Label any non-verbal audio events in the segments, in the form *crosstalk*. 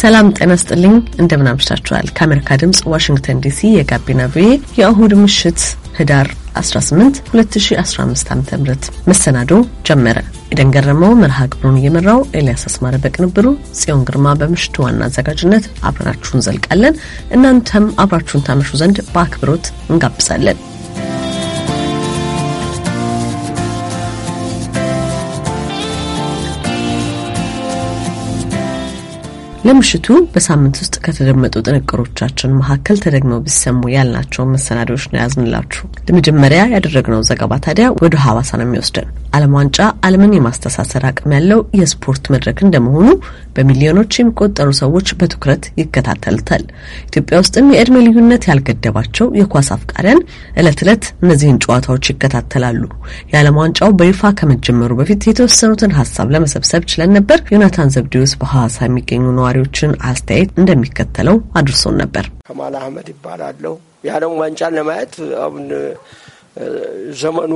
ሰላም ጤና ስጥልኝ። እንደምን አምሽታችኋል? ከአሜሪካ ድምጽ ዋሽንግተን ዲሲ የጋቢና ቪኦኤ የእሁድ ምሽት ህዳር 18 2015 ዓ.ም መሰናዶ ጀመረ። ኤደን ገረመው መርሃ ግብሩን እየመራው፣ ኤልያስ አስማረ በቅንብሩ፣ ጽዮን ግርማ በምሽቱ ዋና አዘጋጅነት አብረናችሁን ዘልቃለን። እናንተም አብራችሁን ታመሹ ዘንድ በአክብሮት እንጋብዛለን። ለምሽቱ በሳምንት ውስጥ ከተደመጡ ጥንቅሮቻችን መካከል ተደግመው ቢሰሙ ያልናቸውን መሰናዶዎች ነው ያዝንላችሁ። ለመጀመሪያ ያደረግነው ዘገባ ታዲያ ወደ ሀዋሳ ነው የሚወስደን። ዓለም ዋንጫ ዓለምን የማስተሳሰር አቅም ያለው የስፖርት መድረክ እንደመሆኑ በሚሊዮኖች የሚቆጠሩ ሰዎች በትኩረት ይከታተሉታል። ኢትዮጵያ ውስጥም የእድሜ ልዩነት ያልገደባቸው የኳስ አፍቃሪያን እለት ዕለት እነዚህን ጨዋታዎች ይከታተላሉ። የዓለም ዋንጫው በይፋ ከመጀመሩ በፊት የተወሰኑትን ሀሳብ ለመሰብሰብ ችለን ነበር። ዮናታን ዘብዲዮስ በሐዋሳ የሚገኙ ነዋሪዎችን አስተያየት እንደሚከተለው አድርሶን ነበር። ከማል አህመድ ይባላለሁ። የዓለም ዋንጫን ለማየት አሁን ዘመኑ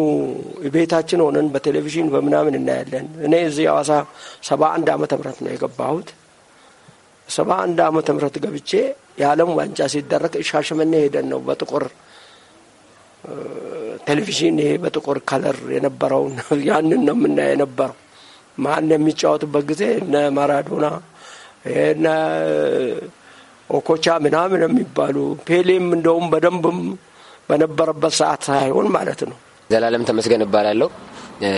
ቤታችን ሆነን በቴሌቪዥን በምናምን እናያለን። እኔ እዚህ ሐዋሳ ሰባ አንድ አመተ ምህረት ነው የገባሁት። ሰባ አንድ አመተ ምህረት ገብቼ የዓለም ዋንጫ ሲደረግ ሻሸመኔ ሄደን ነው በጥቁር ቴሌቪዥን ይሄ በጥቁር ከለር የነበረውን *laughs* ያንን ነው የምናየ የነበረው። ማን የሚጫወትበት ጊዜ እነ ማራዶና እነ ኦኮቻ ምናምን የሚባሉ ፔሌም እንደውም በደንብም በነበረበት ሰዓት ሳይሆን ማለት ነው። ዘላለም ተመስገን እባላለሁ።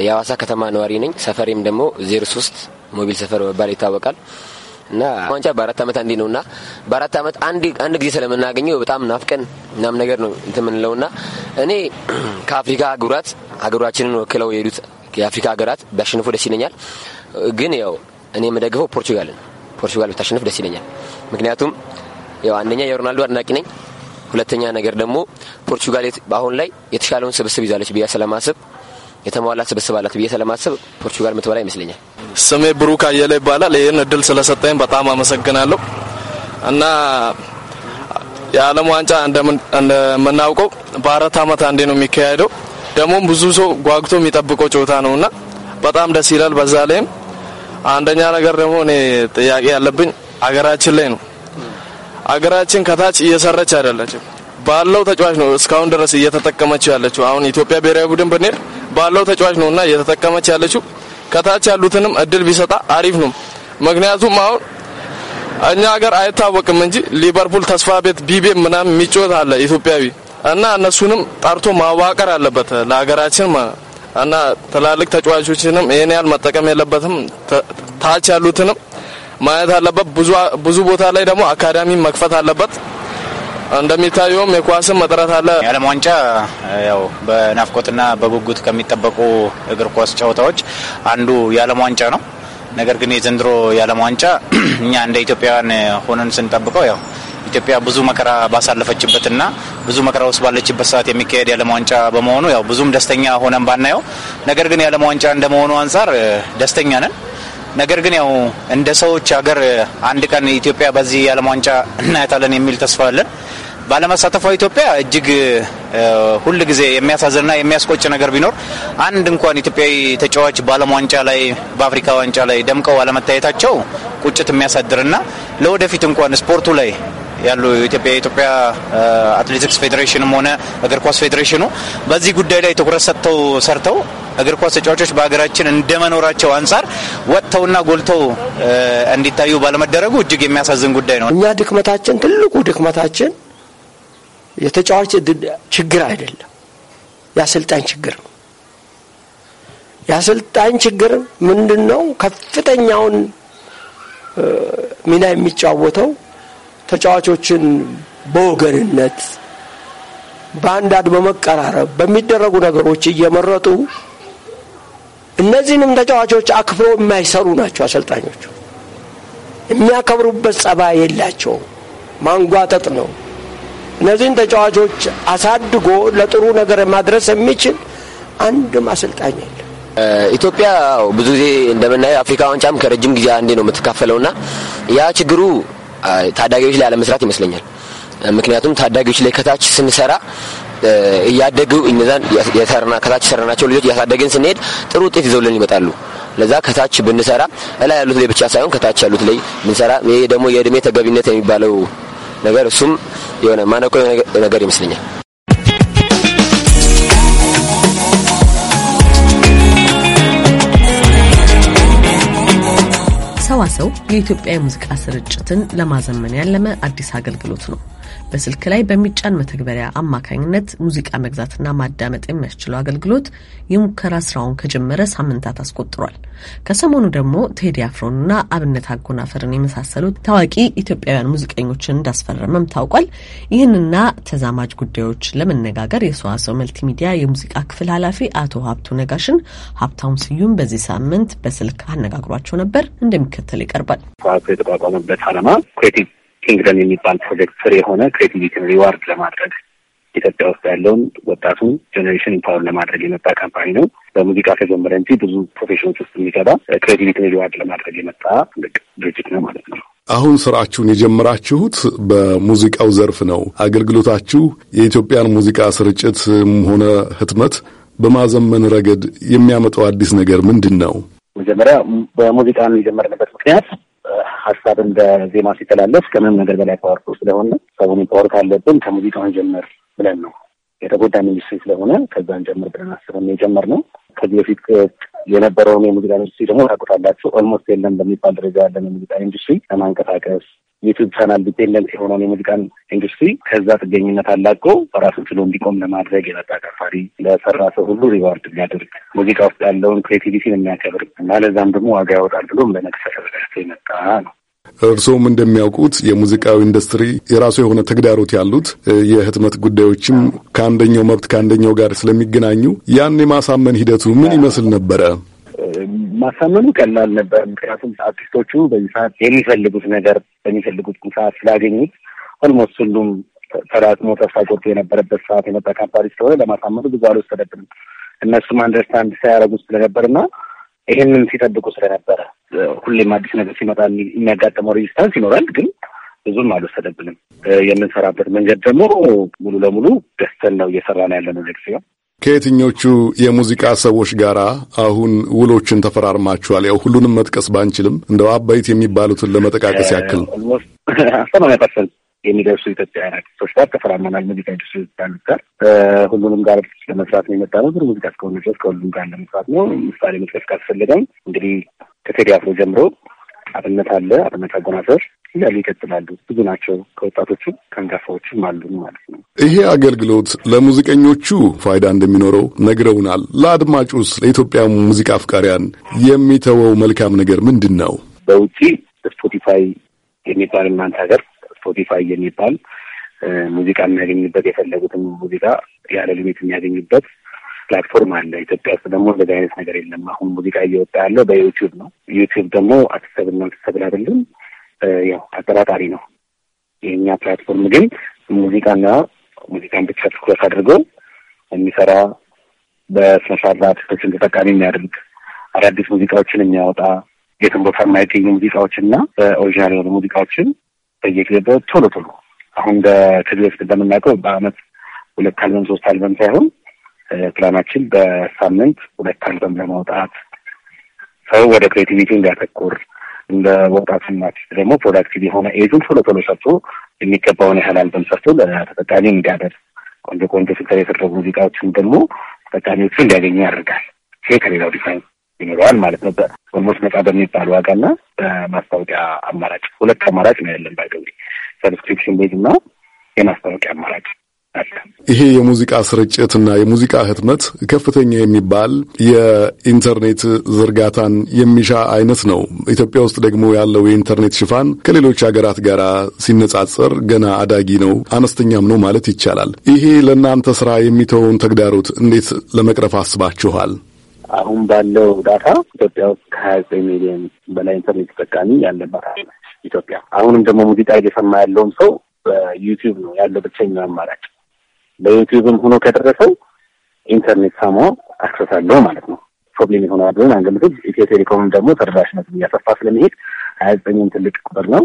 የአዋሳ ከተማ ነዋሪ ነኝ። ሰፈሬም ደግሞ ዜሮ ሶስት ሞቢል ሰፈር በመባል ይታወቃል። እና ዋንጫ በአራት ዓመት አንዴ ነው እና በአራት ዓመት አንድ ጊዜ ስለምናገኘው በጣም ናፍቀን ምናምን ነገር ነው እንትን የምንለው እና እኔ *clears throat* ከአፍሪካ ሀገራት ሀገሯችንን ወክለው የሄዱት የአፍሪካ ሀገራት ቢያሸንፉ ደስ ይለኛል። ግን ያው እኔ የምደግፈው ፖርቹጋልን ፖርቹጋል ብታሸንፍ ደስ ይለኛል። ምክንያቱም ያው አንደኛ የሮናልዶ አድናቂ ነኝ ሁለተኛ ነገር ደግሞ ፖርቹጋል አሁን ላይ የተሻለውን ስብስብ ይዛለች ብዬ ስለማስብ የተሟላ ስብስብ አላት ብዬ ስለማስብ ፖርቹጋል ምትበላ ይመስለኛል። ስሜ ብሩክ አየለ ይባላል። ይህን እድል ስለሰጠኝ በጣም አመሰግናለሁ እና የዓለም ዋንጫ እንደምናውቀው በአራት ዓመት አንዴ ነው የሚካሄደው። ደግሞም ብዙ ሰው ጓጉቶ የሚጠብቀው ጨዋታ ነው እና በጣም ደስ ይላል። በዛ ላይም አንደኛ ነገር ደግሞ እኔ ጥያቄ ያለብኝ አገራችን ላይ ነው አገራችን ከታች እየሰረች አይደለችም። ባለው ተጫዋች ነው እስካሁን ድረስ እየተጠቀመች ያለችው። አሁን ኢትዮጵያ ብሔራዊ ቡድን ብንሄድ ባለው ተጫዋች ነውና እየተጠቀመች ያለችው። ከታች ያሉትንም እድል ቢሰጣ አሪፍ ነው። ምክንያቱም አሁን እኛ ሀገር አይታወቅም እንጂ ሊቨርፑል፣ ተስፋ ቤት፣ ቢቤ ምናምን የሚጮት አለ ኢትዮጵያዊ እና እነሱንም ጠርቶ ማዋቀር አለበት ለሀገራችን እና ትላልቅ ተጫዋቾችንም ይሄን ያህል መጠቀም የለበትም። ታች ያሉትንም ማየት አለበት። ብዙ ቦታ ላይ ደግሞ አካዳሚ መክፈት አለበት። እንደሚታየውም የኳስም እጥረት አለ። የዓለም ዋንጫ ያው በናፍቆትና በጉጉት ከሚጠበቁ እግር ኳስ ጨዋታዎች አንዱ የዓለም ዋንጫ ነው። ነገር ግን የዘንድሮ የዓለም ዋንጫ *clears throat* እኛ እንደ ኢትዮጵያውያን ሆነን ስንጠብቀው ያው ኢትዮጵያ ብዙ መከራ ባሳለፈችበትና ብዙ መከራ ውስጥ ባለችበት ሰዓት የሚካሄድ የዓለም ዋንጫ በመሆኑ ያው ብዙም ደስተኛ ሆነን ባናየው፣ ነገር ግን የዓለም ዋንጫ እንደመሆኑ አንጻር ደስተኛ ነን። ነገር ግን ያው እንደ ሰዎች ሀገር አንድ ቀን ኢትዮጵያ በዚህ የዓለም ዋንጫ እናያታለን የሚል ተስፋ አለን። ባለመሳተፏ ኢትዮጵያ እጅግ ሁል ጊዜ የሚያሳዝንና የሚያስቆጭ ነገር ቢኖር አንድ እንኳን ኢትዮጵያዊ ተጫዋች በዓለም ዋንጫ ላይ በአፍሪካ ዋንጫ ላይ ደምቀው አለመታየታቸው ቁጭት የሚያሳድርና ለወደፊት እንኳን ስፖርቱ ላይ ያሉ የኢትዮጵያ የኢትዮጵያ አትሌቲክስ ፌዴሬሽንም ሆነ እግር ኳስ ፌዴሬሽኑ በዚህ ጉዳይ ላይ ትኩረት ሰጥተው ሰርተው እግር ኳስ ተጫዋቾች በሀገራችን እንደመኖራቸው አንጻር ወጥተውና ጎልተው እንዲታዩ ባለመደረጉ እጅግ የሚያሳዝን ጉዳይ ነው። እኛ ድክመታችን ትልቁ ድክመታችን የተጫዋች ችግር አይደለም፣ የአሰልጣኝ ችግር ነው። የአሰልጣኝ ችግር ምንድን ነው? ከፍተኛውን ሚና የሚጫወተው ተጫዋቾችን በወገንነት በአንዳንድ በመቀራረብ በሚደረጉ ነገሮች እየመረጡ እነዚህንም ተጫዋቾች አክብሮ የማይሰሩ ናቸው። አሰልጣኞቹ የሚያከብሩበት ጸባይ የላቸው ማንጓጠጥ ነው። እነዚህን ተጫዋቾች አሳድጎ ለጥሩ ነገር ማድረስ የሚችል አንድም አሰልጣኝ የለም። ኢትዮጵያ ብዙ ጊዜ እንደምናየው አፍሪካ ዋንጫም ከረጅም ጊዜ አንዴ ነው የምትካፈለውና ያ ችግሩ ታዳጊዎች ላይ አለመስራት ይመስለኛል። ምክንያቱም ታዳጊዎች ላይ ከታች ስንሰራ እያደጉ እነዛን የሰራና ከታች የሰራናቸው ልጆች እያሳደግን ስንሄድ ጥሩ ውጤት ይዘውልን ይመጣሉ። ለዛ ከታች ብንሰራ እላይ ያሉት ላይ ብቻ ሳይሆን ከታች ያሉት ላይ ብንሰራ፣ ይሄ ደግሞ የእድሜ ተገቢነት የሚባለው ነገር እሱም የሆነ ማነቆ ነገር ይመስለኛል። ሰው የኢትዮጵያ የሙዚቃ ስርጭትን ለማዘመን ያለመ አዲስ አገልግሎት ነው። በስልክ ላይ በሚጫን መተግበሪያ አማካኝነት ሙዚቃ መግዛትና ማዳመጥ የሚያስችለው አገልግሎት የሙከራ ስራውን ከጀመረ ሳምንታት አስቆጥሯል። ከሰሞኑ ደግሞ ቴዲ አፍሮንና አብነት አጎናፈርን የመሳሰሉት ታዋቂ ኢትዮጵያውያን ሙዚቀኞችን እንዳስፈረመም ታውቋል። ይህንና ተዛማጅ ጉዳዮች ለመነጋገር የሰዋሰው መልቲሚዲያ የሙዚቃ ክፍል ኃላፊ አቶ ሀብቱ ነጋሽን ሀብታሙ ስዩም በዚህ ሳምንት በስልክ አነጋግሯቸው ነበር። እንደሚከተል ይቀርባል። የተቋቋመበት አለማ ኪንግደም የሚባል ፕሮጀክት ስር የሆነ ክሬቲቪቲን ሪዋርድ ለማድረግ ኢትዮጵያ ውስጥ ያለውን ወጣቱን ጀኔሬሽን ኢምፓወር ለማድረግ የመጣ ካምፓኒ ነው። በሙዚቃ ከጀመረ እንጂ ብዙ ፕሮፌሽኖች ውስጥ የሚገባ ክሬቲቪቲን ሪዋርድ ለማድረግ የመጣ ትልቅ ድርጅት ነው ማለት ነው። አሁን ስራችሁን የጀመራችሁት በሙዚቃው ዘርፍ ነው። አገልግሎታችሁ የኢትዮጵያን ሙዚቃ ስርጭትም ሆነ ህትመት በማዘመን ረገድ የሚያመጣው አዲስ ነገር ምንድን ነው? መጀመሪያ በሙዚቃ የጀመርንበት ምክንያት ሀሳብ እንደ ዜማ ሲተላለፍ ከምንም ነገር በላይ ፓወርፉል ስለሆነ ሰውን ፓወር ካለብን ከሙዚቃውን ጀምር ብለን ነው የተጎዳን ኢንዱስትሪ ስለሆነ ከዛን ጀምር ብለን አስበን የጀመርነው ከዚህ በፊት የነበረውን የሙዚቃ ኢንዱስትሪ ደግሞ ታውቁታላችሁ። ኦልሞስት የለም በሚባል ደረጃ ያለን የሙዚቃ ኢንዱስትሪ ለማንቀሳቀስ ዩቱብ ቻናል ዲፔንደንት የሆነውን የሙዚቃን ኢንዱስትሪ ከዛ ጥገኝነት አላቆ በራሱ ችሎ እንዲቆም ለማድረግ የመጣ ቀፋሪ ለሰራ ሰው ሁሉ ሪዋርድ የሚያደርግ ሙዚቃ ውስጥ ያለውን ክሬቲቪቲን የሚያከብር እና ለዛም ደግሞ ዋጋ ያወጣል ብሎም ብሎ ለነግሰ የመጣ ነው። እርስዎም እንደሚያውቁት የሙዚቃዊ ኢንዱስትሪ የራሱ የሆነ ተግዳሮት ያሉት የህትመት ጉዳዮችም ከአንደኛው መብት ከአንደኛው ጋር ስለሚገናኙ ያን የማሳመን ሂደቱ ምን ይመስል ነበረ? ማሳመኑ ቀላል ነበር። ምክንያቱም አርቲስቶቹ በዚህ ሰዓት የሚፈልጉት ነገር በሚፈልጉት ሰዓት ስላገኙት ኦልሞስት ሁሉም ተዳጥሞ ተስፋ ቆርጦ የነበረበት ሰዓት የመጣ ካምፓኒ ስለሆነ ለማሳመኑ ብዙ አልወሰደብንም። እነሱም አንደርስታንድ ሳያደርጉት ስለነበር ይሄንን ሲጠብቁ ስለነበረ ሁሌም አዲስ ነገር ሲመጣ የሚያጋጥመው ሬጅስታንስ ይኖራል፣ ግን ብዙም አልወሰደብንም። የምንሰራበት መንገድ ደግሞ ሙሉ ለሙሉ ደስተን ነው እየሰራ ነው ያለነው ነገር ሲሆን ከየትኞቹ የሙዚቃ ሰዎች ጋር አሁን ውሎችን ተፈራርማችኋል? ያው ሁሉንም መጥቀስ ባንችልም እንደው አበይት የሚባሉትን ለመጠቃቀስ ያክል ሰማንያ ፐርሰንት የሚደርሱ ኢትዮጵያውያን አርቲስቶች ጋር ተፈራመናል። ሙዚቃ ኢንዱስትሪ ካሉት ጋር ሁሉንም ጋር ለመስራት ነው የመጣ ነው። ግን ሙዚቃ እስከሆነ ድረስ ከሁሉም ጋር ለመስራት ነው። ምሳሌ መጥቀስ ካስፈለገም እንግዲህ ከቴዲ አፍሮ ጀምሮ አብነት አለ፣ አብነት አጎናፍር እያሉ ይቀጥላሉ። ብዙ ናቸው። ከወጣቶቹ ከአንጋፋዎቹም አሉ ማለት ነው። ይሄ አገልግሎት ለሙዚቀኞቹ ፋይዳ እንደሚኖረው ነግረውናል። ለአድማጩስ፣ ለኢትዮጵያ ሙዚቃ አፍቃሪያን የሚተወው መልካም ነገር ምንድን ነው? በውጪ ስፖቲፋይ የሚባል እናንተ ሀገር ስፖቲፋይ የሚባል ሙዚቃ የሚያገኝበት የፈለጉትን ሙዚቃ ያለ ሊሚት የሚያገኝበት ፕላትፎርም አለ። ኢትዮጵያ ውስጥ ደግሞ እንደዚህ አይነት ነገር የለም። አሁን ሙዚቃ እየወጣ ያለው በዩቲዩብ ነው። ዩቲዩብ ደግሞ አትሰብና አትሰብል አይደለም፣ ያው አጠራጣሪ ነው። የእኛ ፕላትፎርም ግን ሙዚቃና ሙዚቃን ብቻ ትኩረት አድርገው የሚሰራ በስነስርዓት አርቲስቶችን ተጠቃሚ የሚያደርግ አዳዲስ ሙዚቃዎችን የሚያወጣ የትን ቦታ የማይገኙ ሙዚቃዎችና በኦሪጂናል የሆኑ ሙዚቃዎችን በየጊዜው ቶሎ ቶሎ አሁን ከዚህ በፊት እንደምናውቀው በአመት ሁለት አልበም ሶስት አልበም ሳይሆን ፕላናችን በሳምንት ሁለት አልበም ለማውጣት ሰው ወደ ክሬቲቪቲ እንዲያተኩር እንደ ወጣትና አርቲስት ደግሞ ፕሮዳክቲቭ የሆነ ኤጁን ቶሎ ቶሎ ሰርቶ የሚገባውን ያህል አልበም ሰርቶ ለተጠቃሚ እንዲያደርስ ቆንጆ ቆንጆ ፊልተር የተደረጉ ሙዚቃዎችን ደግሞ ተጠቃሚዎቹ እንዲያገኙ ያደርጋል። ይሄ ከሌላው ዲዛይን ይኖረዋል ማለት ነው። ኦልሞስት ነጻ በሚባል ዋጋና በማስታወቂያ አማራጭ ሁለት አማራጭ ነው ያለን ባይገቢ ሰብስክሪፕሽን ቤዝ እና የማስታወቂያ አማራጭ ይሄ የሙዚቃ ስርጭትና የሙዚቃ ህትመት ከፍተኛ የሚባል የኢንተርኔት ዝርጋታን የሚሻ አይነት ነው። ኢትዮጵያ ውስጥ ደግሞ ያለው የኢንተርኔት ሽፋን ከሌሎች ሀገራት ጋር ሲነጻጸር ገና አዳጊ ነው፣ አነስተኛም ነው ማለት ይቻላል። ይሄ ለእናንተ ስራ የሚተውን ተግዳሮት እንዴት ለመቅረፍ አስባችኋል? አሁን ባለው ዳታ ኢትዮጵያ ውስጥ ከሀያ ዘጠኝ ሚሊዮን በላይ ኢንተርኔት ተጠቃሚ ያለባት ኢትዮጵያ። አሁንም ደግሞ ሙዚቃ እየሰማ ያለውም ሰው በዩቲዩብ ነው ያለው ብቸኛው አማራጭ። በዩቲዩብም ሆኖ ከደረሰው ኢንተርኔት ሳማ አክሰስ አለው ማለት ነው። ፕሮብሌም የሆነ ብለን አንገምትም። ኢትዮ ቴሌኮምም ደግሞ ተደራሽነት እያሰፋ ስለመሄድ ሀያ ዘጠኝም ትልቅ ቁጥር ነው።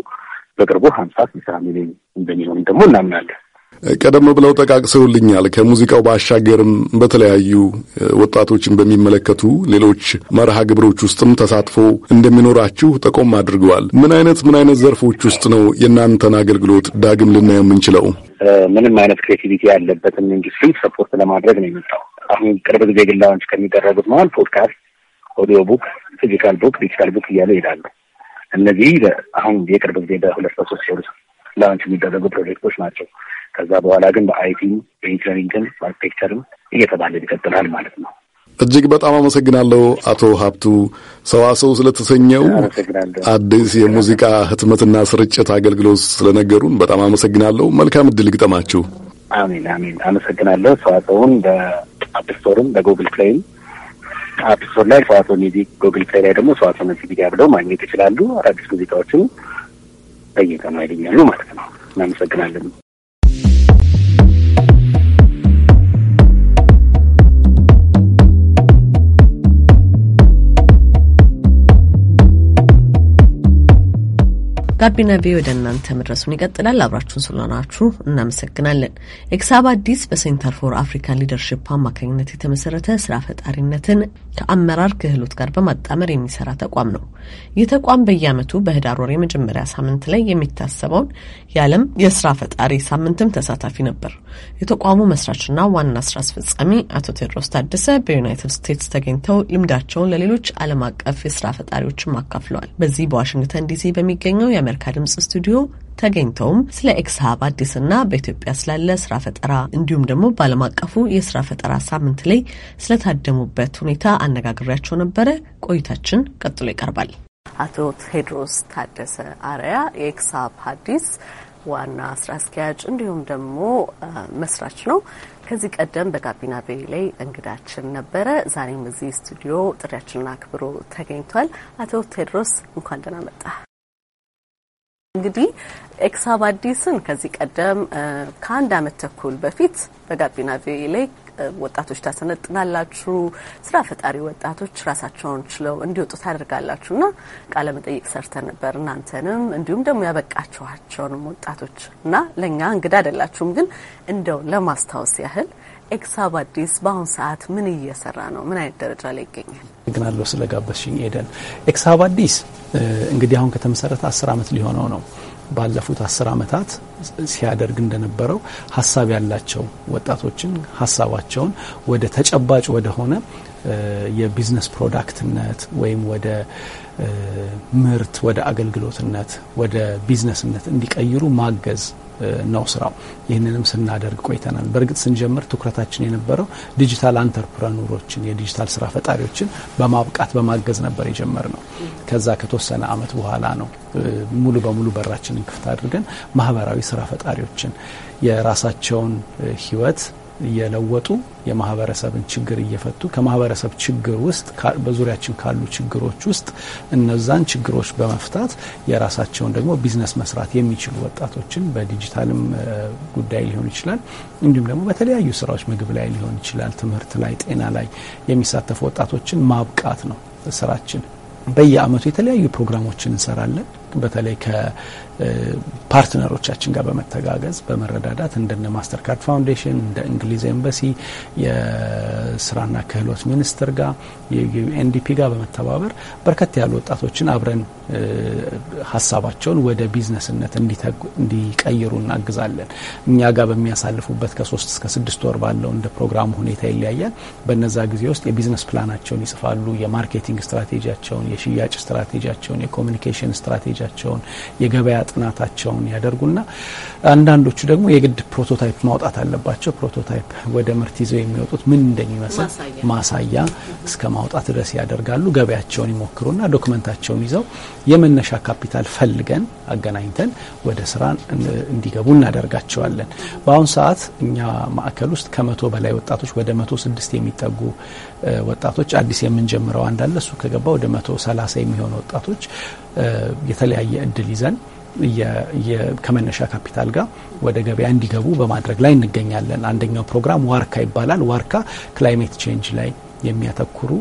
በቅርቡ ሀምሳ ስልሳ ሚሊዮን እንደሚሆን ደግሞ እናምናለን። ቀደም ብለው ጠቃቅሰውልኛል። ከሙዚቃው ባሻገርም በተለያዩ ወጣቶችን በሚመለከቱ ሌሎች መርሃ ግብሮች ውስጥም ተሳትፎ እንደሚኖራችሁ ጠቆም አድርገዋል። ምን አይነት ምን አይነት ዘርፎች ውስጥ ነው የእናንተን አገልግሎት ዳግም ልናየው የምንችለው? ምንም አይነት ክሬቲቪቲ ያለበትን ኢንዱስትሪ ሰፖርት ለማድረግ ነው የመጣው። አሁን ቅርብ ጊዜ ግላዎች ከሚደረጉት መሀል ፖድካስት፣ ኦዲዮ ቡክ፣ ፊዚካል ቡክ፣ ዲጂታል ቡክ እያሉ ይሄዳሉ። እነዚህ አሁን የቅርብ ጊዜ በሁለት በሶስት ላንች የሚደረጉ ፕሮጀክቶች ናቸው። ከዛ በኋላ ግን በአይቲም በኢንጂነሪንግም በአርክቴክቸርም እየተባለን ይቀጥላል ማለት ነው። እጅግ በጣም አመሰግናለሁ አቶ ሀብቱ ሰዋሰው ስለተሰኘው አዲስ የሙዚቃ ህትመትና ስርጭት አገልግሎት ስለነገሩን በጣም አመሰግናለሁ። መልካም እድል ግጠማችሁ። አሜን አሜን። አመሰግናለሁ። ሰዋሰውን በአፕስቶርም በጉግል ፕሌይም አፕስቶር ላይ ሰዋሰው ሚዚክ፣ ጉግል ፕሌይ ላይ ደግሞ ሰዋሰው ሚዲያ ብለው ማግኘት ይችላሉ። አዳዲስ ሙዚቃዎችም በየቀኑ ያገኛሉ ማለት ነው። እናመሰግናለን። ጋቢና ቪ ወደ እናንተ መድረሱን ይቀጥላል። አብራችሁን ስለሆናችሁ እናመሰግናለን። ኤክሳብ አዲስ በሴንተር ፎር አፍሪካን ሊደርሽፕ አማካኝነት የተመሰረተ ስራ ፈጣሪነትን ከአመራር ክህሎት ጋር በማጣመር የሚሰራ ተቋም ነው። ይህ ተቋም በየዓመቱ በህዳር ወር የመጀመሪያ ሳምንት ላይ የሚታሰበውን የዓለም የስራ ፈጣሪ ሳምንትም ተሳታፊ ነበር። የተቋሙ መስራችና ዋና ስራ አስፈጻሚ አቶ ቴድሮስ ታደሰ በዩናይትድ ስቴትስ ተገኝተው ልምዳቸውን ለሌሎች ዓለም አቀፍ የስራ ፈጣሪዎችም አካፍለዋል። በዚህ በዋሽንግተን ዲሲ በሚገኘው የአሜሪካ ድምጽ ስቱዲዮ ተገኝተውም ስለ ኤክስሀብ አዲስና በኢትዮጵያ ስላለ ስራ ፈጠራ እንዲሁም ደግሞ በዓለም አቀፉ የስራ ፈጠራ ሳምንት ላይ ስለታደሙበት ሁኔታ አነጋግሬያቸው ነበረ። ቆይታችን ቀጥሎ ይቀርባል። አቶ ቴድሮስ ታደሰ አርያ የኤክስሀብ ሀዲስ ዋና ስራ አስኪያጅ እንዲሁም ደግሞ መስራች ነው። ከዚህ ቀደም በጋቢና ቤ ላይ እንግዳችን ነበረ። ዛሬም እዚህ ስቱዲዮ ጥሪያችንን አክብሮ ተገኝቷል። አቶ ቴድሮስ እንኳን ደህና መጣ። እንግዲህ ኤክሳብ አዲስን ከዚህ ቀደም ከአንድ አመት ተኩል በፊት በጋቢና ቪኦኤ ላይ ወጣቶች ታሰነጥናላችሁ፣ ስራ ፈጣሪ ወጣቶች ራሳቸውን ችለው እንዲወጡ ታደርጋላችሁ እና ቃለ መጠይቅ ሰርተን ነበር። እናንተንም እንዲሁም ደግሞ ያበቃችኋቸውንም ወጣቶች እና ለእኛ እንግዳ አይደላችሁም፣ ግን እንደው ለማስታወስ ያህል ኤክሳብ አዲስ በአሁን ሰዓት ምን እየሰራ ነው? ምን አይነት ደረጃ ላይ ይገኛል? ግናለሁ ስለጋበዝሽኝ ኤደን። ኤክሳብ አዲስ እንግዲህ አሁን ከተመሰረተ አስር ዓመት ሊሆነው ነው። ባለፉት አስር ዓመታት ሲያደርግ እንደነበረው ሀሳብ ያላቸው ወጣቶችን ሀሳባቸውን ወደ ተጨባጭ ወደሆነ የቢዝነስ ፕሮዳክትነት ወይም ወደ ምርት፣ ወደ አገልግሎትነት፣ ወደ ቢዝነስነት እንዲቀይሩ ማገዝ ነው ስራው። ይህንንም ስናደርግ ቆይተናል። በእርግጥ ስንጀምር ትኩረታችን የነበረው ዲጂታል አንተርፕረኑሮችን የዲጂታል ስራ ፈጣሪዎችን በማብቃት በማገዝ ነበር የጀመር ነው። ከዛ ከተወሰነ አመት በኋላ ነው ሙሉ በሙሉ በራችንን ክፍት አድርገን ማህበራዊ ስራ ፈጣሪዎችን የራሳቸውን ህይወት እየለወጡ የማህበረሰብን ችግር እየፈቱ ከማህበረሰብ ችግር ውስጥ በዙሪያችን ካሉ ችግሮች ውስጥ እነዛን ችግሮች በመፍታት የራሳቸውን ደግሞ ቢዝነስ መስራት የሚችሉ ወጣቶችን በዲጂታልም ጉዳይ ሊሆን ይችላል፣ እንዲሁም ደግሞ በተለያዩ ስራዎች ምግብ ላይ ሊሆን ይችላል፣ ትምህርት ላይ፣ ጤና ላይ የሚሳተፉ ወጣቶችን ማብቃት ነው ስራችን። በየአመቱ የተለያዩ ፕሮግራሞችን እንሰራለን። በተለይ ከፓርትነሮቻችን ጋር በመተጋገዝ በመረዳዳት እንደነ ማስተርካርድ ፋውንዴሽን እንደ እንግሊዝ ኤምባሲ የስራና ክህሎት ሚኒስቴር ጋር የዩኤንዲፒ ጋር በመተባበር በርከት ያሉ ወጣቶችን አብረን ሀሳባቸውን ወደ ቢዝነስነት እንዲቀይሩ እናግዛለን። እኛ ጋር በሚያሳልፉበት ከሶስት እስከ ስድስት ወር ባለው እንደ ፕሮግራሙ ሁኔታ ይለያያል። በነዛ ጊዜ ውስጥ የቢዝነስ ፕላናቸውን ይጽፋሉ። የማርኬቲንግ ስትራቴጂያቸውን፣ የሽያጭ ስትራቴጂያቸውን፣ የኮሚኒኬሽን ስትራቴጂ ስትራቴጂያቸውን የገበያ ጥናታቸውን ያደርጉና አንዳንዶቹ ደግሞ የግድ ፕሮቶታይፕ ማውጣት አለባቸው። ፕሮቶታይፕ ወደ ምርት ይዘው የሚወጡት ምን እንደሚመስል ማሳያ እስከ ማውጣት ድረስ ያደርጋሉ። ገበያቸውን ይሞክሩና ዶክመንታቸውን ይዘው የመነሻ ካፒታል ፈልገን አገናኝተን ወደ ስራ እንዲገቡ እናደርጋቸዋለን። በአሁኑ ሰዓት እኛ ማዕከል ውስጥ ከመቶ በላይ ወጣቶች ወደ መቶ ስድስት የሚጠጉ ወጣቶች አዲስ የምንጀምረው አንዳለ እሱ ከገባ ወደ መቶ ሰላሳ የሚሆኑ ወጣቶች የተለያየ እድል ይዘን ከመነሻ ካፒታል ጋር ወደ ገበያ እንዲገቡ በማድረግ ላይ እንገኛለን። አንደኛው ፕሮግራም ዋርካ ይባላል። ዋርካ ክላይሜት ቼንጅ ላይ የሚያተኩሩ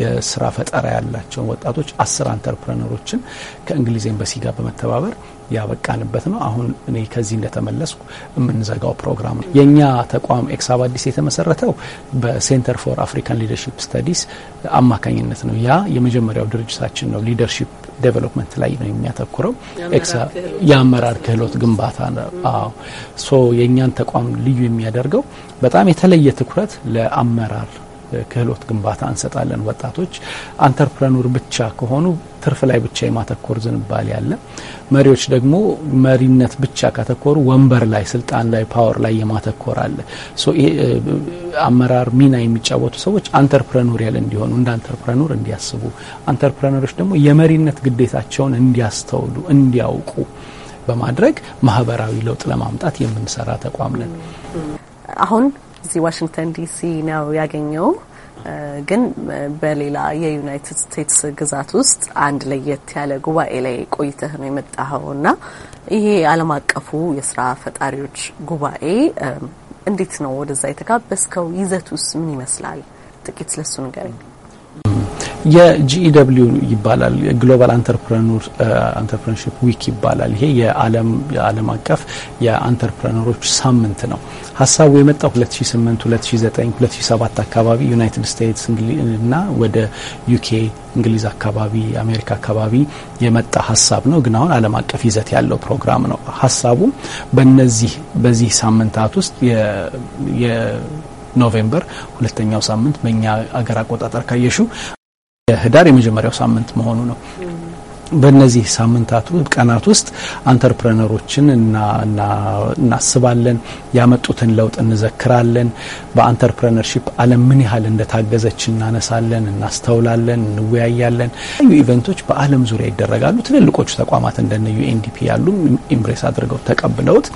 የስራ ፈጠራ ያላቸውን ወጣቶች አስር አንተርፕረነሮችን ከእንግሊዝ ኤምባሲ ጋር በመተባበር ያበቃንበት ነው። አሁን እኔ ከዚህ እንደተመለስኩ የምንዘጋው ፕሮግራም ነው። የእኛ ተቋም ኤክሳብ አዲስ የተመሰረተው በሴንተር ፎር አፍሪካን ሊደርሽፕ ስተዲስ አማካኝነት ነው። ያ የመጀመሪያው ድርጅታችን ነው። ሊደርሽፕ ዴቨሎፕመንት ላይ ነው የሚያተኩረው። የአመራር ክህሎት ግንባታ ነው። ሶ የእኛን ተቋም ልዩ የሚያደርገው በጣም የተለየ ትኩረት ለአመራር ክህሎት ግንባታ እንሰጣለን። ወጣቶች አንተርፕረኑር ብቻ ከሆኑ ትርፍ ላይ ብቻ የማተኮር ዝንባሌ አለ። መሪዎች ደግሞ መሪነት ብቻ ካተኮሩ ወንበር ላይ፣ ስልጣን ላይ፣ ፓወር ላይ የማተኮር አለ። አመራር ሚና የሚጫወቱ ሰዎች አንተርፕረኑሪያል እንዲሆኑ እንደ አንተርፕረኑር እንዲያስቡ፣ አንተርፕረነሮች ደግሞ የመሪነት ግዴታቸውን እንዲያስተውሉ እንዲያውቁ በማድረግ ማህበራዊ ለውጥ ለማምጣት የምንሰራ ተቋም ነን። አሁን እዚህ ዋሽንግተን ዲሲ ነው ያገኘው። ግን በሌላ የዩናይትድ ስቴትስ ግዛት ውስጥ አንድ ለየት ያለ ጉባኤ ላይ ቆይተህ ነው የመጣኸው እና ይሄ ዓለም አቀፉ የስራ ፈጣሪዎች ጉባኤ እንዴት ነው ወደዛ የተጋበዝከው? ይዘቱስ ምን ይመስላል? ጥቂት ስለሱ ንገረኝ። የጂኢደብሊው ይባላል ግሎባል አንተርፕረኖር ዊክ ይባላል። ይሄ የዓለም የዓለም አቀፍ የአንተርፕረነሮች ሳምንት ነው። ሀሳቡ የመጣው 2008፣ 2009፣ 2007 አካባቢ ዩናይትድ ስቴትስ እና ወደ ዩኬ እንግሊዝ አካባቢ አሜሪካ አካባቢ የመጣ ሀሳብ ነው። ግን አሁን ዓለም አቀፍ ይዘት ያለው ፕሮግራም ነው። ሀሳቡ በነዚህ በዚህ ሳምንታት ውስጥ ኖቬምበር ሁለተኛው ሳምንት በእኛ አገር አቆጣጠር ካየሹ የህዳር የመጀመሪያው ሳምንት መሆኑ ነው። በእነዚህ ሳምንታት ቀናት ውስጥ አንተርፕረነሮችን እናስባለን፣ ያመጡትን ለውጥ እንዘክራለን። በአንተርፕረነርሺፕ ዓለም ምን ያህል እንደታገዘች እናነሳለን፣ እናስተውላለን፣ እንወያያለን። ዩ ኢቨንቶች በዓለም ዙሪያ ይደረጋሉ። ትልልቆቹ ተቋማት እንደነ ዩኤንዲፒ ያሉ ኢምብሬስ አድርገው ተቀብለውት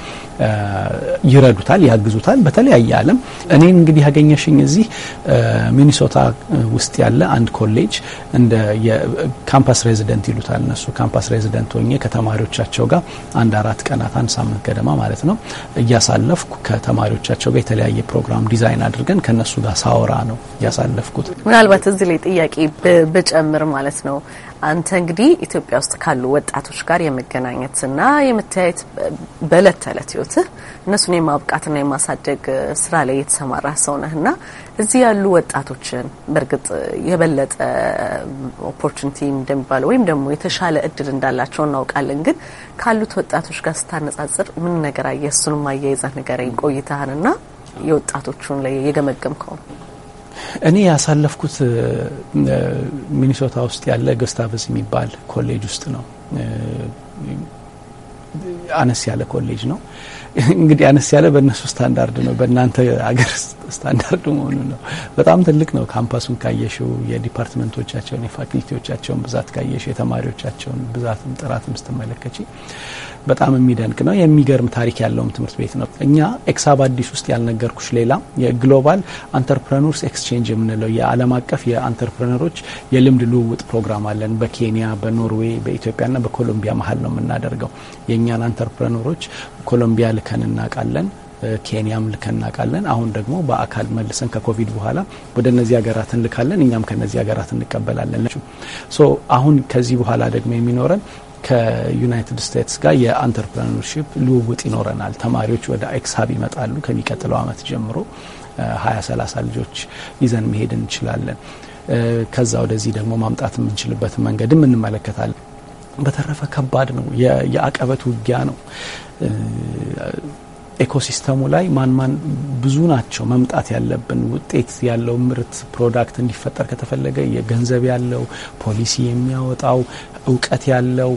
ይረዱታል፣ ያግዙታል። በተለያየ ዓለም እኔን እንግዲህ ያገኘሽኝ እዚህ ሚኒሶታ ውስጥ ያለ አንድ ኮሌጅ እንደ ካምፓስ ሬዚደንት ይሉታል ከነሱ ካምፓስ ሬዚደንት ሆኜ ከተማሪዎቻቸው ጋር አንድ አራት ቀናት አንድ ሳምንት ገደማ ማለት ነው እያሳለፍኩ ከተማሪዎቻቸው ጋር የተለያየ ፕሮግራም ዲዛይን አድርገን ከነሱ ጋር ሳወራ ነው እያሳለፍኩት። ምናልባት እዚህ ላይ ጥያቄ ብጨምር ማለት ነው አንተ እንግዲህ ኢትዮጵያ ውስጥ ካሉ ወጣቶች ጋር የመገናኘትና የመተያየት በእለት ተእለት ህይወትህ እነሱን የማብቃትና የማሳደግ ስራ ላይ የተሰማራ ሰው ነህና እዚህ ያሉ ወጣቶችን በእርግጥ የበለጠ ኦፖርቹኒቲ እንደሚባለው ወይም ደግሞ የተሻለ እድል እንዳላቸው እናውቃለን። ግን ካሉት ወጣቶች ጋር ስታነጻጽር ምን ነገር አየህ? እሱንም አያይዘህ ንገረኝ ቆይታህንና የወጣቶቹን ላይ የገመገምከው ነው። እኔ ያሳለፍኩት ሚኒሶታ ውስጥ ያለ ገስታቨስ የሚባል ኮሌጅ ውስጥ ነው። አነስ ያለ ኮሌጅ ነው። እንግዲህ አነስ ያለ በእነሱ ስታንዳርድ ነው። በእናንተ አገር ስታንዳርዱ መሆኑ ነው። በጣም ትልቅ ነው። ካምፓሱን ካየሽው፣ የዲፓርትመንቶቻቸውን የፋክልቲዎቻቸውን ብዛት ካየሽ የተማሪዎቻቸውን ብዛትም ጥራትም ስትመለከች በጣም የሚደንቅ ነው። የሚገርም ታሪክ ያለውም ትምህርት ቤት ነው። እኛ ኤክሳብ አዲስ ውስጥ ያልነገርኩሽ ሌላ የግሎባል አንተርፕረኖርስ ኤክስቼንጅ የምንለው የዓለም አቀፍ የአንተርፕረነሮች የልምድ ልውውጥ ፕሮግራም አለን። በኬንያ፣ በኖርዌይ፣ በኢትዮጵያና በኮሎምቢያ መሀል ነው የምናደርገው። የእኛን አንተርፕረኖሮች ኮሎምቢያ ልከን እናውቃለን። ኬንያም ልከን እናውቃለን። አሁን ደግሞ በአካል መልሰን ከኮቪድ በኋላ ወደ እነዚህ ሀገራት እንልካለን። እኛም ከነዚህ ሀገራት እንቀበላለን። ሶ አሁን ከዚህ በኋላ ደግሞ የሚኖረን ከዩናይትድ ስቴትስ ጋር የአንተርፕረነርሺፕ ልውውጥ ይኖረናል። ተማሪዎች ወደ ኤክስሀብ ይመጣሉ። ከሚቀጥለው ዓመት ጀምሮ ሀያ ሰላሳ ልጆች ይዘን መሄድ እንችላለን። ከዛ ወደዚህ ደግሞ ማምጣት የምንችልበት መንገድም እንመለከታለን። በተረፈ ከባድ ነው። የአቀበት ውጊያ ነው። ኤኮሲስተሙ ላይ ማን ማን ብዙ ናቸው መምጣት ያለብን ውጤት ያለው ምርት ፕሮዳክት እንዲፈጠር ከተፈለገ የገንዘብ ያለው ፖሊሲ የሚያወጣው እውቀት ያለው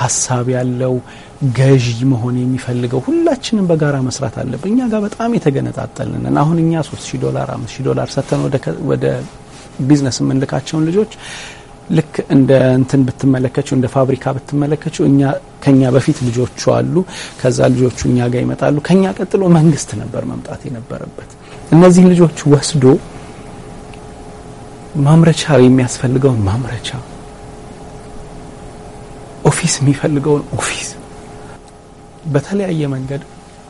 ሀሳብ ያለው ገዢ መሆን የሚፈልገው ሁላችንም በጋራ መስራት አለብን። እኛ ጋር በጣም የተገነጣጠልን አሁን እኛ ሶስት ዶላር አምስት ዶላር ሰጥተን ወደ ቢዝነስ የምንልካቸውን ልጆች ልክ እንደ እንትን ብትመለከችው እንደ ፋብሪካ ብትመለከችው እኛ ከኛ በፊት ልጆቹ አሉ። ከዛ ልጆቹ እኛ ጋር ይመጣሉ። ከኛ ቀጥሎ መንግስት ነበር መምጣት የነበረበት። እነዚህን ልጆች ወስዶ ማምረቻ የሚያስፈልገውን ማምረቻ፣ ኦፊስ የሚፈልገውን ኦፊስ በተለያየ መንገድ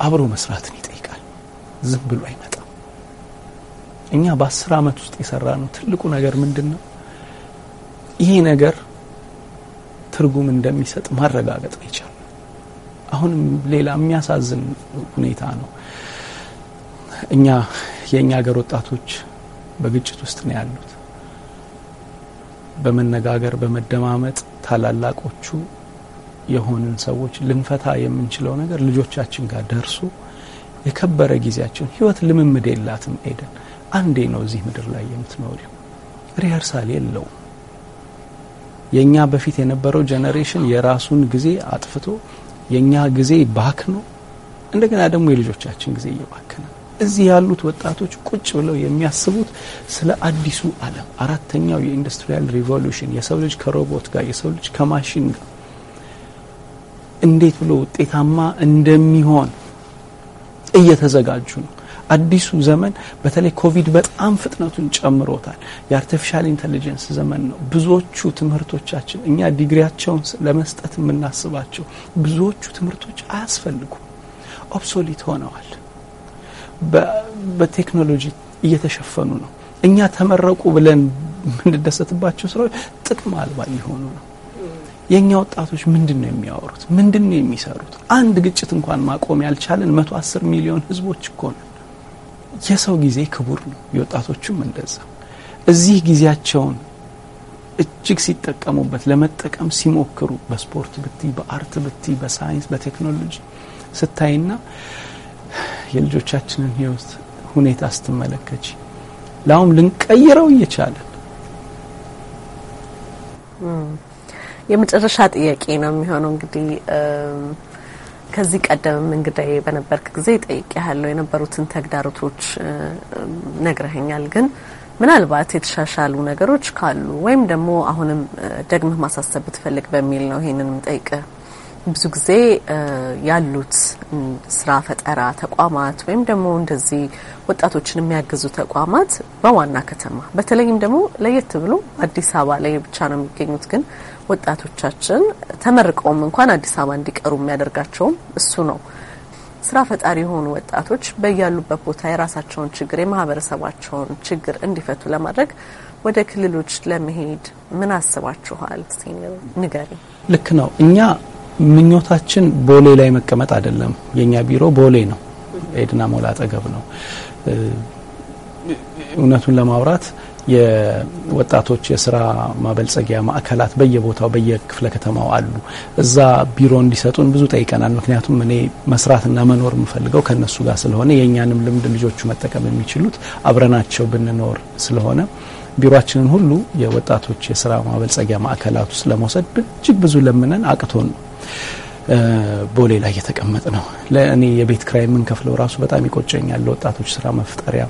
አብሮ መስራትን ይጠይቃል። ዝም ብሎ አይመጣም። እኛ በአስር አመት ውስጥ የሰራ ነው ትልቁ ነገር ምንድን ነው? ይሄ ነገር ትርጉም እንደሚሰጥ ማረጋገጥ ነው አሁንም ሌላ የሚያሳዝን ሁኔታ ነው። እኛ የእኛ ሀገር ወጣቶች በግጭት ውስጥ ነው ያሉት። በመነጋገር በመደማመጥ ታላላቆቹ የሆንን ሰዎች ልንፈታ የምንችለው ነገር ልጆቻችን ጋር ደርሶ የከበረ ጊዜያችን ህይወት ልምምድ የላትም። ኤደን አንዴ ነው እዚህ ምድር ላይ የምትኖሪው። ሪሀርሳል የለውም። የእኛ በፊት የነበረው ጀኔሬሽን የራሱን ጊዜ አጥፍቶ የእኛ ጊዜ ባክ ነው። እንደገና ደግሞ የልጆቻችን ጊዜ እየባከነ ነው። እዚህ ያሉት ወጣቶች ቁጭ ብለው የሚያስቡት ስለ አዲሱ ዓለም አራተኛው የኢንዱስትሪያል ሪቮሉሽን የሰው ልጅ ከሮቦት ጋር የሰው ልጅ ከማሽን ጋር እንዴት ብሎ ውጤታማ እንደሚሆን እየተዘጋጁ ነው። አዲሱ ዘመን በተለይ ኮቪድ በጣም ፍጥነቱን ጨምሮታል። የአርቲፊሻል ኢንቴሊጀንስ ዘመን ነው። ብዙዎቹ ትምህርቶቻችን እኛ ዲግሪያቸውን ለመስጠት የምናስባቸው ብዙዎቹ ትምህርቶች አያስፈልጉም፣ ኦብሶሊት ሆነዋል። በቴክኖሎጂ እየተሸፈኑ ነው። እኛ ተመረቁ ብለን የምንደሰትባቸው ስራዎች ጥቅም አልባ እየሆኑ ነው። የእኛ ወጣቶች ምንድን ነው የሚያወሩት? ምንድን ነው የሚሰሩት? አንድ ግጭት እንኳን ማቆም ያልቻለን መቶ አስር ሚሊዮን ህዝቦች እኮ ነው። የሰው ጊዜ ክቡር ነው። የወጣቶቹም እንደዛ እዚህ ጊዜያቸውን እጅግ ሲጠቀሙበት ለመጠቀም ሲሞክሩ በስፖርት ብትይ፣ በአርት ብትይ፣ በሳይንስ በቴክኖሎጂ ስታይና የልጆቻችንን ህይወት ሁኔታ ስትመለከች ላሁም ልንቀይረው እየቻለን የመጨረሻ ጥያቄ ነው የሚሆነው እንግዲህ ከዚህ ቀደምም እንግዳዬ በነበርክ ጊዜ ጠይቅ ያለው የነበሩትን ተግዳሮቶች ነግረኸኛል። ግን ምናልባት የተሻሻሉ ነገሮች ካሉ ወይም ደግሞ አሁንም ደግመህ ማሳሰብ ብትፈልግ በሚል ነው ይሄንን ጠይቅ። ብዙ ጊዜ ያሉት ስራ ፈጠራ ተቋማት ወይም ደግሞ እንደዚህ ወጣቶችን የሚያግዙ ተቋማት በዋና ከተማ በተለይም ደግሞ ለየት ብሎ አዲስ አበባ ላይ ብቻ ነው የሚገኙት። ግን ወጣቶቻችን ተመርቀውም እንኳን አዲስ አበባ እንዲቀሩ የሚያደርጋቸውም እሱ ነው። ስራ ፈጣሪ የሆኑ ወጣቶች በያሉበት ቦታ የራሳቸውን ችግር የማህበረሰባቸውን ችግር እንዲፈቱ ለማድረግ ወደ ክልሎች ለመሄድ ምን አስባችኋል? ንገሪ። ልክ ነው። እኛ ምኞታችን ቦሌ ላይ መቀመጥ አይደለም። የእኛ ቢሮ ቦሌ ነው፣ ኤድና ሞል አጠገብ ነው። እውነቱን ለማውራት የወጣቶች የስራ ማበልጸጊያ ማዕከላት በየቦታው በየክፍለ ከተማው አሉ። እዛ ቢሮ እንዲሰጡን ብዙ ጠይቀናል። ምክንያቱም እኔ መስራትና መኖር የምፈልገው ከእነሱ ጋር ስለሆነ የእኛንም ልምድ ልጆቹ መጠቀም የሚችሉት አብረናቸው ብንኖር ስለሆነ ቢሮችንን ሁሉ የወጣቶች የስራ ማበልጸጊያ ማዕከላት ውስጥ ለመውሰድ እጅግ ብዙ ለምነን አቅቶን ነው ቦሌ ላይ የተቀመጥ ነው። ለእኔ የቤት ክራይ የምንከፍለው ራሱ በጣም ይቆጨኛል። ለወጣቶች ስራ መፍጠሪያ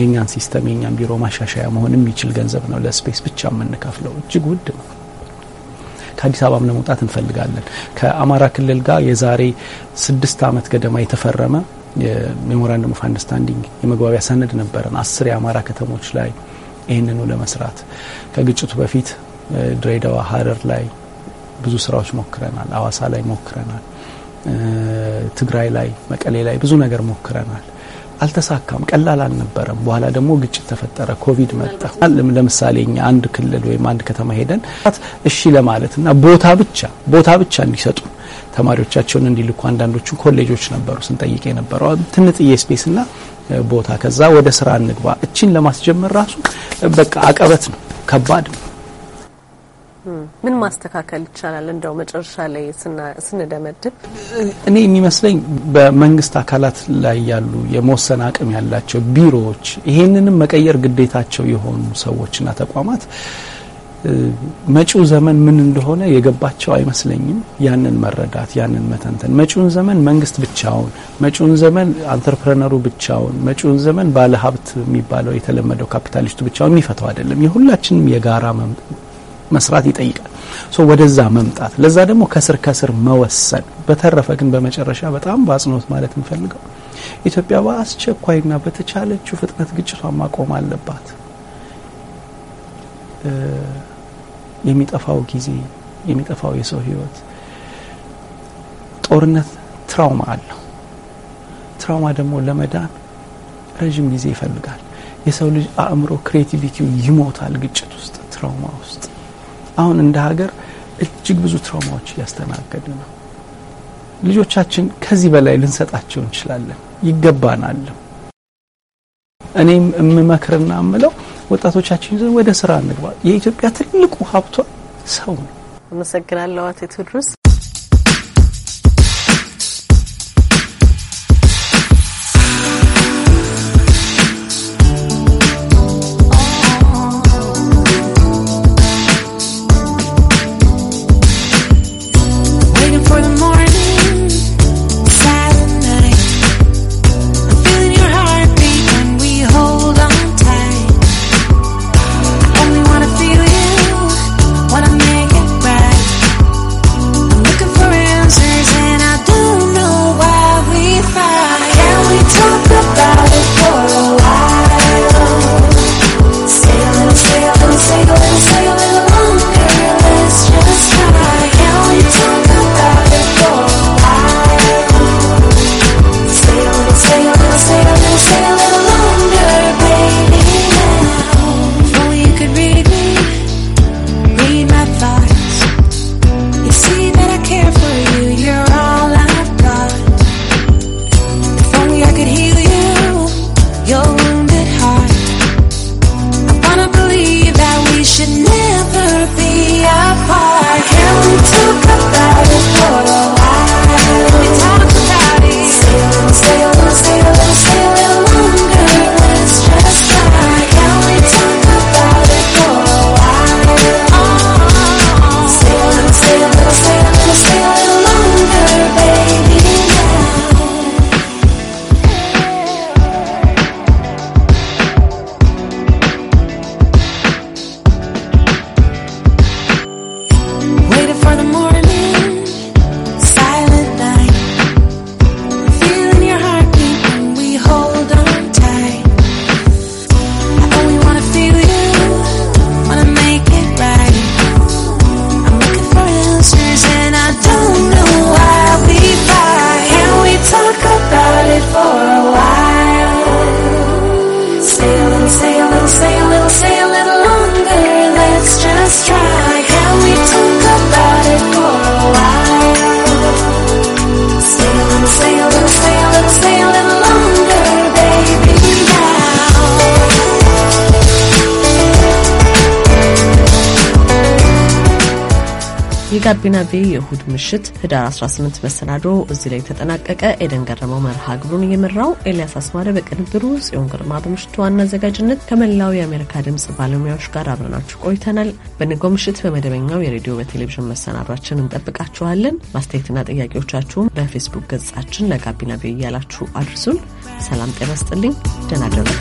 የኛን ሲስተም የኛን ቢሮ ማሻሻያ መሆን የሚችል ገንዘብ ነው። ለስፔስ ብቻ የምንከፍለው እጅግ ውድ ነው። ከአዲስ አበባም ለመውጣት እንፈልጋለን። ከአማራ ክልል ጋር የዛሬ ስድስት ዓመት ገደማ የተፈረመ የሜሞራንደም ኦፍ አንደርስታንዲንግ የመግባቢያ ሰነድ ነበረን አስር የአማራ ከተሞች ላይ ይህንኑ ለመስራት ከግጭቱ በፊት ድሬዳዋ፣ ሀረር ላይ ብዙ ስራዎች ሞክረናል። አዋሳ ላይ ሞክረናል። ትግራይ ላይ መቀሌ ላይ ብዙ ነገር ሞክረናል። አልተሳካም። ቀላል አልነበረም። በኋላ ደግሞ ግጭት ተፈጠረ፣ ኮቪድ መጣ። ለምሳሌ እኛ አንድ ክልል ወይም አንድ ከተማ ሄደን እሺ ለማለት እና ቦታ ብቻ ቦታ ብቻ እንዲሰጡ ተማሪዎቻቸውን እንዲልኩ አንዳንዶቹን ኮሌጆች ነበሩ ስንጠይቅ የነበረው ትንጥዬ ስፔስ እና ቦታ ከዛ ወደ ስራ እንግባ እችን ለማስጀመር ራሱ በቃ አቀበት ነው፣ ከባድ ነው። ምን ማስተካከል ይቻላል? እንደው መጨረሻ ላይ ስንደመድብ እኔ የሚመስለኝ በመንግስት አካላት ላይ ያሉ የመወሰን አቅም ያላቸው ቢሮዎች፣ ይሄንንም መቀየር ግዴታቸው የሆኑ ሰዎችና ተቋማት መጪው ዘመን ምን እንደሆነ የገባቸው አይመስለኝም። ያንን መረዳት፣ ያንን መተንተን፣ መጪውን ዘመን መንግስት ብቻውን፣ መጪውን ዘመን አንትርፕረነሩ ብቻውን፣ መጪውን ዘመን ባለሀብት የሚባለው የተለመደው ካፒታሊስቱ ብቻውን የሚፈታው አይደለም። የሁላችንም የጋራ መስራት ይጠይቃል። ወደዛ መምጣት ለዛ ደግሞ ከስር ከስር መወሰን። በተረፈ ግን በመጨረሻ በጣም በአጽንኦት ማለት የምፈልገው ኢትዮጵያ በአስቸኳይና በተቻለችው ፍጥነት ግጭቷን ማቆም አለባት። የሚጠፋው ጊዜ፣ የሚጠፋው የሰው ህይወት፣ ጦርነት ትራውማ አለው። ትራውማ ደግሞ ለመዳን ረዥም ጊዜ ይፈልጋል። የሰው ልጅ አእምሮ ክሬቲቪቲው ይሞታል ግጭት ውስጥ፣ ትራውማ ውስጥ አሁን እንደ ሀገር እጅግ ብዙ ትራውማዎች እያስተናገድ ነው። ልጆቻችን ከዚህ በላይ ልንሰጣቸው እንችላለን፣ ይገባናል። እኔም እምመክርና እምለው ወጣቶቻችን ይዘን ወደ ስራ እንግባ። የኢትዮጵያ ትልቁ ሀብቷ ሰው ነው። አመሰግናለሁ አቶ ቴዎድሮስ። የጋቢና ቤ የእሁድ ምሽት ህዳር 18 መሰናዶ እዚህ ላይ ተጠናቀቀ። ኤደን ገረመው መርሃ ግብሩን እየመራው፣ ኤልያስ አስማረ በቅንብሩ፣ ጽዮን ግርማ በምሽቱ ዋና አዘጋጅነት ከመላው የአሜሪካ ድምፅ ባለሙያዎች ጋር አብረናችሁ ቆይተናል። በንጋው ምሽት በመደበኛው የሬዲዮ በቴሌቪዥን መሰናዷችን እንጠብቃችኋለን። ማስተያየትና ጥያቄዎቻችሁም በፌስቡክ ገጻችን ለጋቢና ቪ እያላችሁ አድርሱን። ሰላም ጤና ስጥልኝ። ደህና ደሩ።